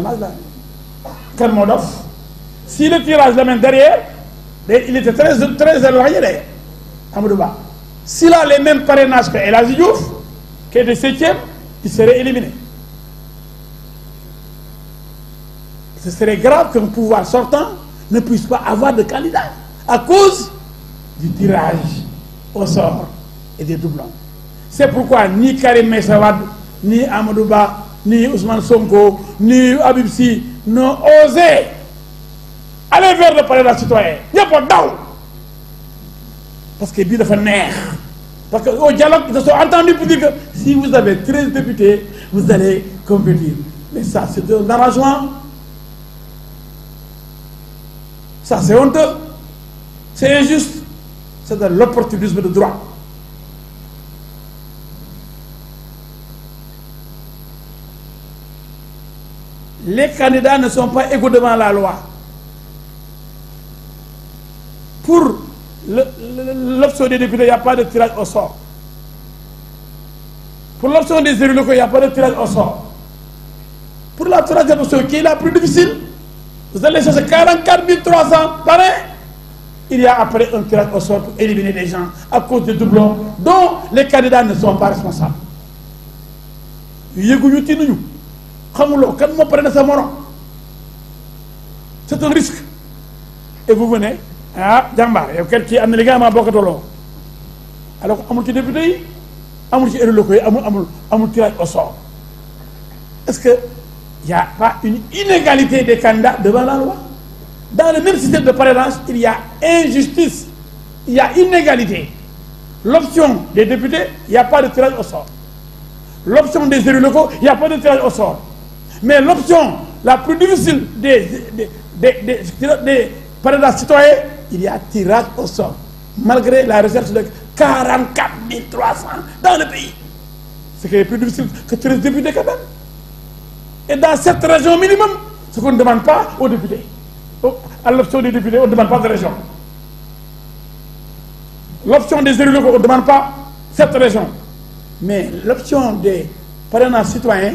Damas là si le tirage main derrière il était très très éloigné d'ailleurs s'il a les mêmes parrainages que El Azidouf, Diouf qui septième il serait éliminé ce serait grave qu'un pouvoir sortant ne puisse pas avoir de candidat à cause du tirage au sort et des doublons. C'est pourquoi ni Karim Messawad, ni Amadouba, ni Ousmane Sonko, ni Habib Sy n'ont osé aller vers le palais de la citoyenne. n'y a pas d'eau. parce que bii dafa nerf. parce qu'au dialogue ils se sont entendus pour dire que si vous avez 13 députés vous allez convenir. mais ça c'est un arrangement ça c'est honteux c'est injuste c'est de l'opportunisme de droit les candidats ne sont pas égaux devant la loi. Pour l'option des députés, il n'y a pas de tirage au sort. Pour l'option des élus locaux, il n'y a pas de tirage au sort. Pour la troisième option, qui est la plus difficile, vous allez chercher 44 300 par Il y a après un tirage au sort pour éliminer des gens à cause des doublons dont les candidats ne sont pas responsables xamuloo kan moo pare sa c'est un risque et vous venez ah jàmbaar yow quelqu'un kii am na li nga xam ah, bokkatuloo alors que amul ci député yi amul ci élus locaux yi amul amul tirage au sort est-ce que y a pas une inégalité des candidats devant la loi dans le même système de parrainage il y a injustice il y a inégalité l'option des députés il n'y a pas de tirage au sort l'option des élus locaux il n'y a pas de tirage au sort mais l'option la plus difficile des, des, des, des citoyens, il y a tirage au sort. Malgré la recherche de 44 300 dans le pays. Ce qui est plus difficile que les députés quand même. Et dans cette région minimum, ce qu'on ne demande pas aux députés. À l'option des députés, on ne demande pas de région. L'option des élus locaux, on ne demande pas cette région. Mais l'option des parrainages citoyens,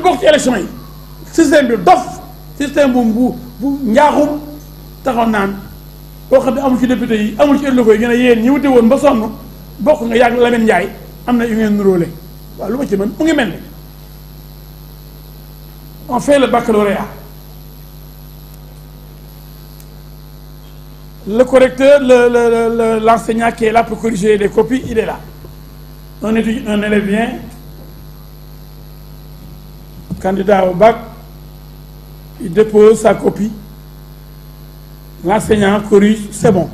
pour bokk ci élection yi système bi dof système bu bu bu njaaxum taxaw naan boo xam ne amul ci député yi amul ci élèves yi nga ne yéen ñi wute woon ba sonn bokk nga yàgg Lamine Ndiaye am na yu ngeen nuróole waaw lu ma ci mën mu ngi mel ni on fait le baccalauréat le correcteur le le le l'enseignant qui est là pour corriger les copies il est là un étudiant un élève vient candidat au bac, il dépose sa copie, l'enseignant corrige, c'est bon.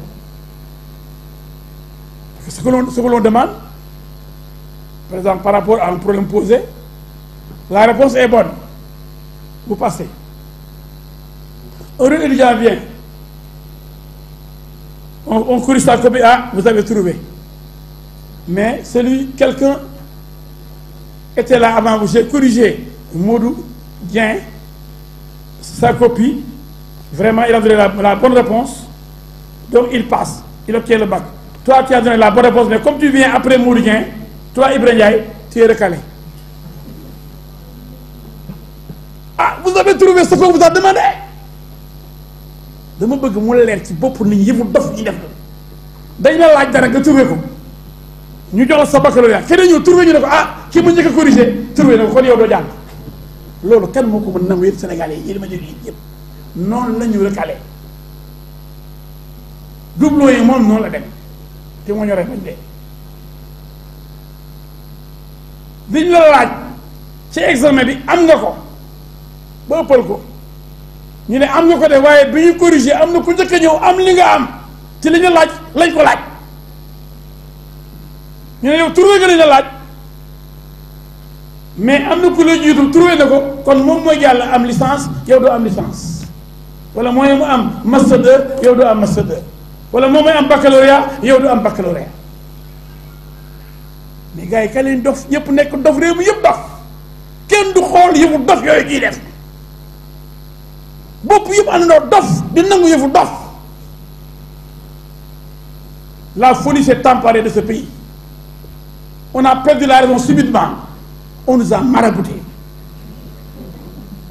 Ce que l'on demande, par exemple par rapport à un problème posé, la réponse est bonne. Vous passez. Heureux élève vient. On, corrige sa copie, ah, vous avez trouvé. Mais celui, quelqu'un était là avant vous, j'ai corrigé. Modou vient sa copie, vraiment, il a donné la, bonne réponse. Donc, il passe. Il obtient le bac. Toi, tu as donné la bonne réponse, mais comme tu viens après Modou Dien, toi, Ibrahim tu es recalé. Ah, vous avez trouvé ce qu'on vous a demandé dama bëgg mu leer ci bopp nit ñi yëfu dof ñu def dañ la laaj dara nga trouvé ko ñu jox sa baccalauréat nous ñëw trouvé ñu ne ko ah ki mu ñëk a corrigé trouvé na ko kon yow do loolu kan moo ko mën nangu yéen Sénégalais yi yéen ma jël yéen noonu la ñu recalé doublon yi moom noonu la dem te moo ñoree bañ dee liñ la laaj ci examen bi am nga ko ba ëppal ko ñu ne am nga ko de waaye bi ñu corrigé am na ku njëkk a ñëw am li nga am ci li ñu laaj lañ ko laaj ñu ne yow tourné nga li ñu laaj. mais am na ku la jiitu trouvé na ko kon moom am licence yow doo am licence wala mooy am master yow doo am master wala moom am baccalauréat yow doo am baccalauréat mais gars yi dof ñëpp nekk dof réew mi yëpp dof dof def dof dof la folie s'est emparée de ce pays on a perdu la raison subitement on nous a maraboutés.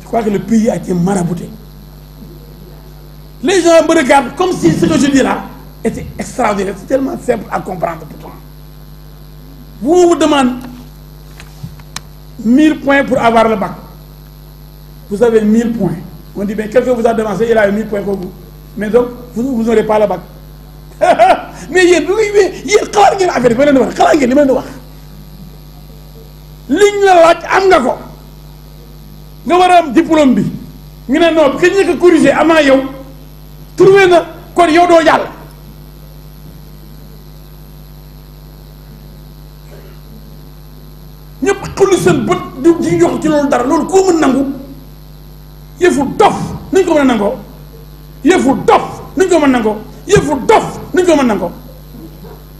Je crois que le pays a été marabouté. Les gens me regardent comme si ce que je dis là était extraordinaire. C'est tellement simple à comprendre pour toi. Vous vous demandez 1000 points pour avoir le bac. Vous avez 1000 points. On dit, mais quelqu'un vous a demandé, il a eu 1000 points pour vous. Mais donc, vous n'aurez pas le bac. mais il y a des il y a liñ la laaj am nga ko nga war a am diplôme bi nga ne non kañ la ko corriger avant yow trouvé na kon yow doo jàll. ñëpp xulli seen bët du di jox ci loolu dara loolu koo mën nangu yëfu dof nañ ko mën a nangoo yëfu dof nañ ko mën a nangoo yëfu dof nañ ko mën a nangoo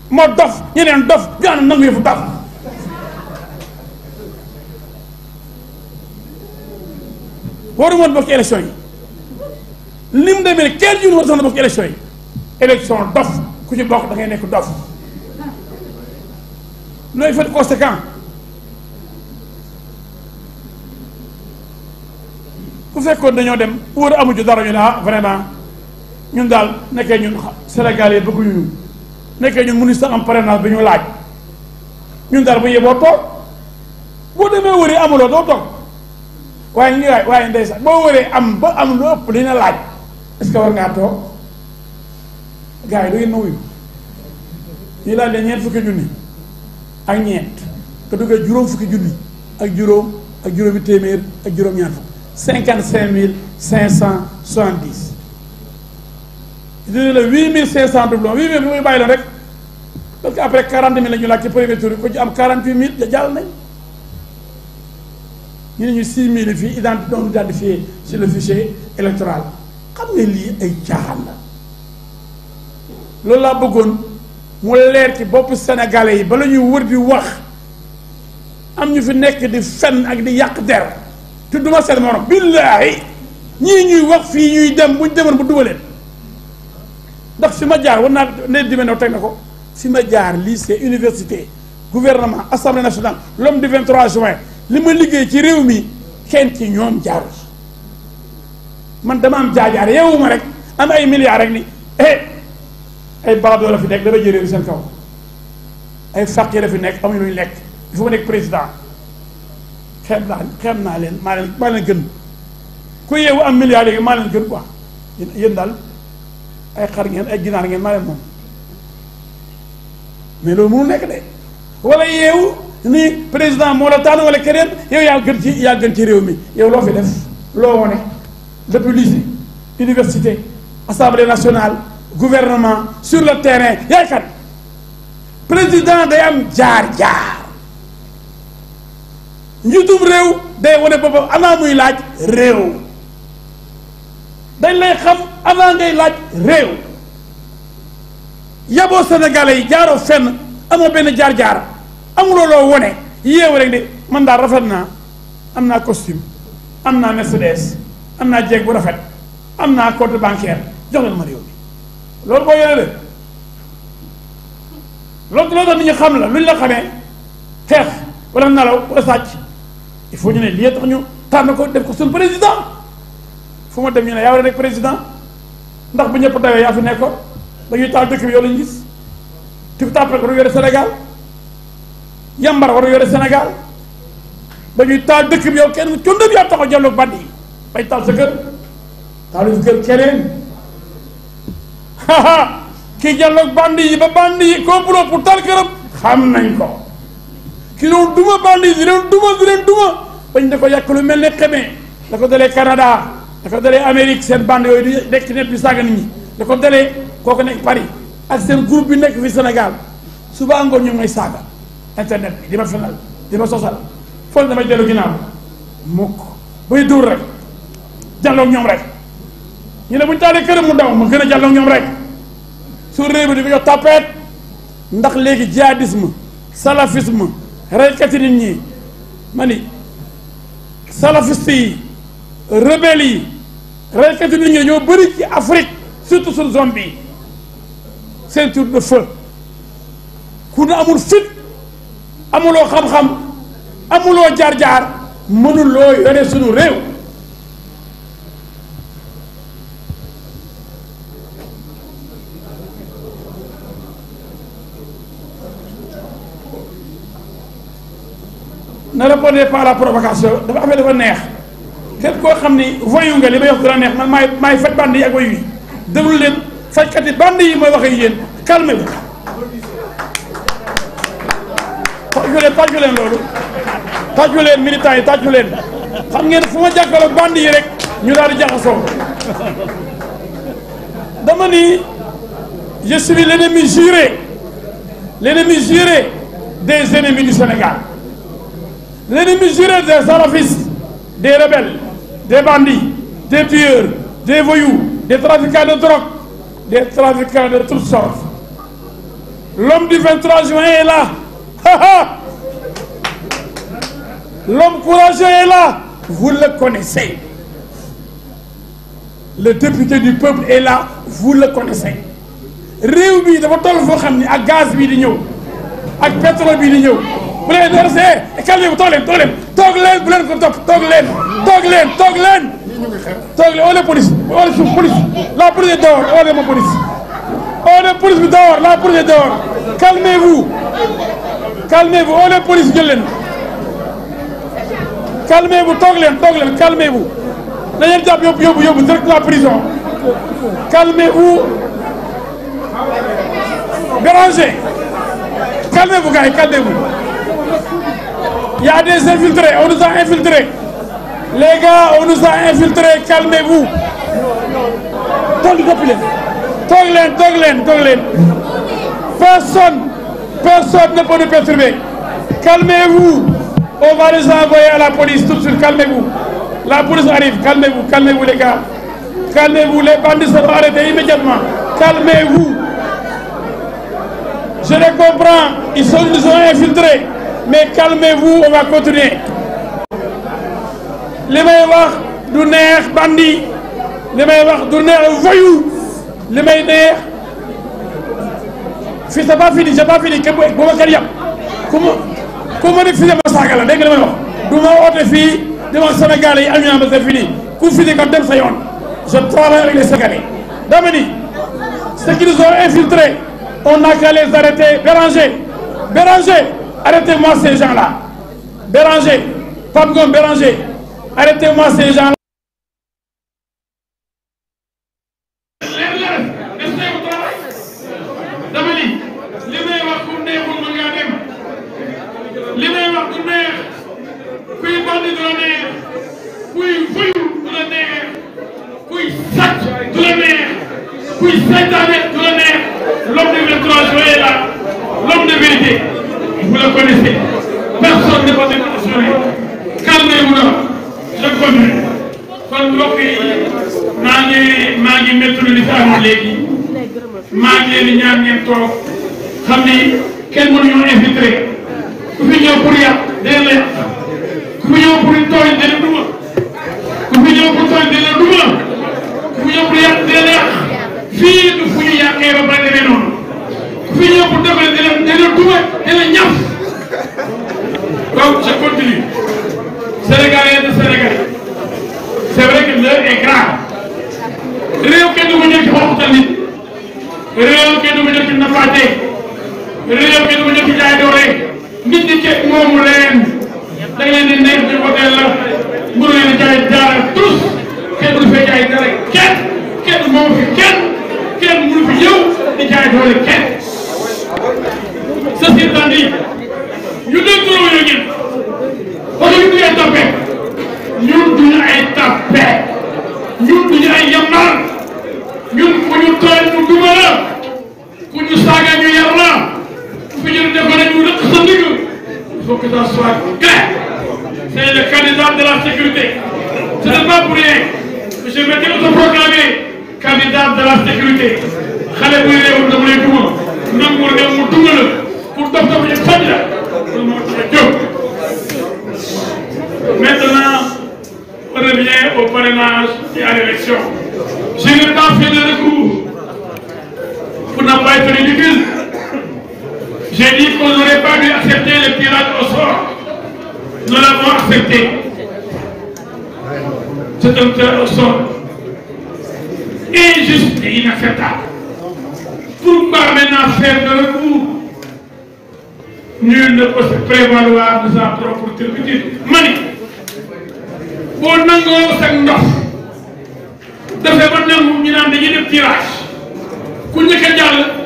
moo dof ñeneen dof ñu ànd yëfu dof. waru woon bokk élection yi ni demee kenn jur war sax na bokk élection yi élection dof ku ci bokk da ngay nekk dof nooy fait conséquent bu fekkoon dañoo dem wóor a amuju dara ñu ne ah vraiment ñun daal nekkee ñun Sénégal yi bëgguñu ñu nekkee ñun ministre am parrainage bi ñu laaj ñun daal bu yeboo toog boo demee wari amuloo doo toog waaye ñu waay waaye ndeysaan boo waree am ba am lu ëpp dina laaj est-ce que war ngaa toog gars yi da ngeen ma wuyu laaj la ñeent fukki junni ak ñeent te duggee juróom fukki junni ak juróom ak juróomi téeméer ak juróom ñaan fukk cinquante cinq mille cinq cent soixante dix dina la huit mille cinq cent doublon huit mille bi muy bàyyi loon rek parce que après quarante mille la ñu laaj ci premier tour bi ko ci am quarante huit mille jàll nañ ñu ne ñu 6000 fii identité doon identifié sur le fichier électoral xam ne lii ay caaxaan la loolu laa bëggoon mu leer ci boppu sénégalais yi bala ñuy wër di wax am ñu fi nekk di fenn ak di yàq der te duma seen morom billahi ñii ñuy wax fii ñuy dem bu ñu demoon bu dugaleen ndax fi ma jaar war naa ne di new teg na ko fi ma jaar lycée université gouvernement assemblée nationale l'homme du 23 juin li ma liggéey ci réew mi kenn ci ñoom jaarul man dama am jaajaar yeewuma rek am ay milliards rek ni eh ay baadoo la fi nekk dara jëlee seen kaw ay faqir la fi nekk amuñu lu lekk il faut nekk président xeeb naa xeeb naa leen maa leen maa leen gën ku yeewu am milliards yi maa leen gën quoi yéen daal ay xar ngeen ay ginaar ngeen maa leen moom mais loolu mënul nekk de wala yeewu. ni président moo la wala yow gën ci gën ci yow fi def université assemblée nationale gouvernement sur le terrain président day am jaar-jaar réew day wane boppam avant muy laaj réew dañ lay xam avant ngay laaj sénégalais yi fenn amuloo loo wone yéew rek man daal rafet naa am naa costume am naa Mercedes am naa jeeg bu rafet am naa compte bancaire jox leen ma réew mi loolu boo yore la loolu tax nit ñi xam la lu ñu la xamee xeex wala nalaw wala sàcc il faut ñu ne lii tax ñu tànn ko def ko suñu président fu ma dem ñu ne yaa war a président ndax bu ñëpp dawee yaa fi nekkoon dañuy taal dëkk bi yow lañu gis ti tàppale ko du yore Sénégal yambar war a yore Sénégal ba ñuy taal dëkk bi yow kenn cundam yaa tax a jàlloog bandi yi bay taal sa kër taalu kër keneen kii jàlloog bandi yi ba bànd yi complot pour taal këram xam nañ ko ki doon duma bandi yi di leen duma di leen duma bañ da ko yàq lu mel ne xemee da ko dalee Canada da ko dalee Amérique seen bande yooyu di nekk net bi saaga nit ñi da ko dalee kooku nekk Paris ak seen groupe bi nekk fi Sénégal suba angoon ñu ngay saaga internet bi di ma fenal di ma sosal foog damay dellu ginnaaw mukk bay dóor rek jàlloog ñoom rek ñu ne mu ñu taalee këram mu daw ma gën a jàlloog ñoom rek su réew bi di ko jox tappeet ndax léegi jihadisme salafisme reykati nit ñi ma ni salafiste yi rebelle yi reykati nit ñi ñoo bëri ci Afrique surtout suñu zone bi ceinture de feu ku ne amul fit amuloo xam-xam amuloo jaar-jaar mënuloo yore sunu réew ne répondez pas à la provocation dafa affaire dafa neex képp koo xam ni voyu nga li may wax dina neex man maay maay faj band yi ak wayu yi déglu leen fajkat yi band yi mooy wax ak yéen calmez-vous je suis l'ennemi juré l'ennemi juré des ennemis du Sénégal l'ennemi juré des salafistes des rebelles des bandits des tueurs des voyous des trafiquants de drogue des trafiquants de toutes sortes l'homme du 23 juin est là L'homme courageux est là, vous le connaissez. Le député du peuple est là, vous le connaissez. réew de votre toll foo gaz bii di pétrole bii di ñëw bu leen door see calme bu toog leen toog leen toog leen bu leen ko topp toog leen toog leen toog police ole police la police police police bi la police d'or. calmez-vous calmez-vous on oh, les police calmez-vous toog calmez-vous na ngeen jàpp la prison calmez-vous Béranger calmez-vous gars calmez-vous il y a des infiltrés on nous a infiltrés les gars on nous a infiltrés calmez-vous toog leen toog personne Personne ne peut nous perturber. Calmez-vous. On va les envoyer à la police tout de suite. Calmez-vous. La police arrive. Calmez-vous. Calmez-vous, les gars. Calmez-vous. Les bandits sont arrêtés immédiatement. Calmez-vous. Je les comprends. Ils, sont, infiltrés. Mais calmez-vous. On va continuer. Les meilleurs du bandits. Les meilleurs du voyous. Les meilleurs Fi c'est pas fini c'est pas fini Comment bu ma mon yàpp ku ma ku ma refusé ma Sénégalais c'est fini ko dem je travaille avec les Sénégalais dama ce ceux qui nous ont infiltrés on n'a qu'à les arrêter Béranger Béranger arrêtez-moi ces gens-là Béranger Pape Béranger arrêtez-moi ces gens-là wax léegi maa ngi leen di ñaan ngeen toog xam ni kenn mënuñoo infiltré ku fi ñëw pour yàq réew mi du ma jël ci nafaate réew mi du ma jël ci jaay doole nit ñi ci moomu leen da leen di nekk di woteel la mënu leen di jaay dara tous kenn du fee jaay dara kenn kenn moomu fi kenn kenn mënu fi ñëw di jaay doole kenn ceci étant dit ñu dégg loolu ñu ñun parce que ñu duñu ay tappe ñun duñu ay tappe ñun duñu ay yambar ñun bu ñu tooñ mu duma la que ça soit clair. C'est le candidat de la sécurité. Ce n'est pas pour rien que je m'étais proclamé, candidat de la sécurité. pour je Maintenant, on revient au parrainage et à l'élection. Je n'ai pas fait de recours pour ne pas être ridicule. J'ai dit qu'on n'aurait pas dû accepter le tirage au sort. Nous l'avons accepté. C'est un tirage au sort. Injuste et inacceptable. Pourquoi maintenant faire de recours Nul ne peut se prévaloir de sa propre turpitude. Mani, boo nangoo sag De dafay de nous ñu naan dañuy def tirage ku njëkk a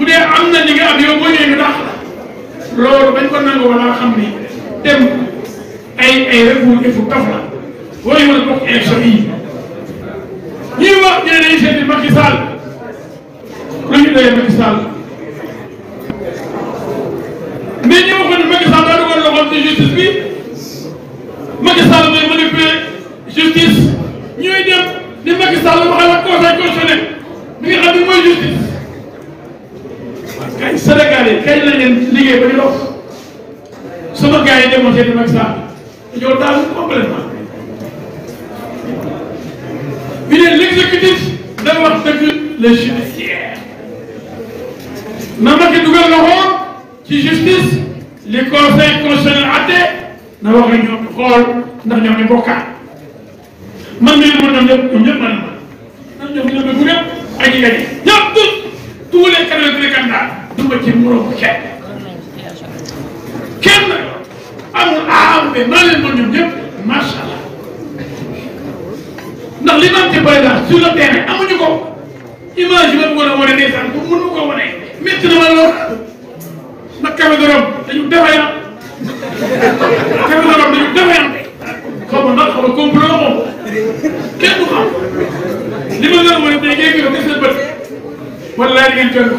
bu dee am na li nga am yow boo ñëwee ñu dàq la loolu bañ ko nangu wala xam ni dem ay ay recours defu taf la booy war a bokk élection yi ñuy wax ñu ne dañuy seeti Macky Sall lu ñu doyee Macky Sall mais ñi waxoon ne Macky Sall daa dugal loxoom ci justice bi Macky Sall mooy manipulé justice ñooy dem di Macky Sall waxal ak conseil constitutionnel bi nga xam ne mooy justice. kay Sénégalais kañ la leen liggéey ba di dox sama gars yi demoon seeti Macky Sall dañoo daal complètement bi ne l'exécutif da wax dëgg le judiciaire na Macky dugal loxoom ci justice li conseil constitutionnel atte na wax ak ñoom xool ndax ñoom ñu bokkaat man mii moom ñoom ñëpp ñoom ñëpp man man ñoom ñoom ñëpp ak ñi gañe ñëpp tous les canaux de du ma ci moroom kenn kenn amul aam bi maa leen mën ñoom ñëpp macha allah ndax li naan ci par exemple sur le terrain amuñu ko image yi ma mën a wane ndeysaan bu mënu ko wane métti na ma lool ndax Cameroun dañu défaillant Cameroun dañu défaillant xaw ma ndax xaw ma complot moom kenn du xam li ma leen wane tey ngeen gis nga seen bët wala ngeen jënd ko.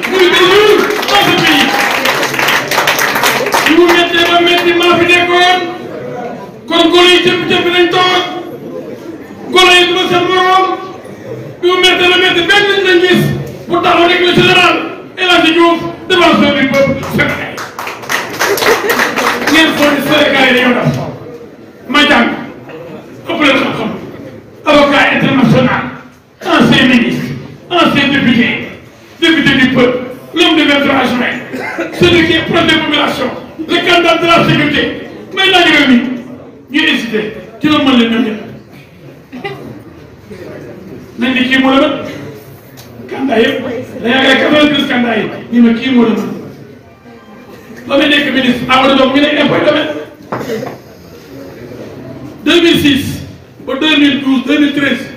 du métti la métti benn nit lañ gis bu taxaw rek le général El Hadji Diouf devant son du peuple ನಂಗೆ ಕೀ ಮೂಲ ಕಂದ ಐಕ್ ಲೇಗ ಕಮಲ್ ಕೃಸ್ que ಐಕ್ ನಿಮ್ಮ ಕೀ ಮೂಲ Lomé nekk ministre Amadou Ba mi lay impôt domaine 2006 ba 2012 2013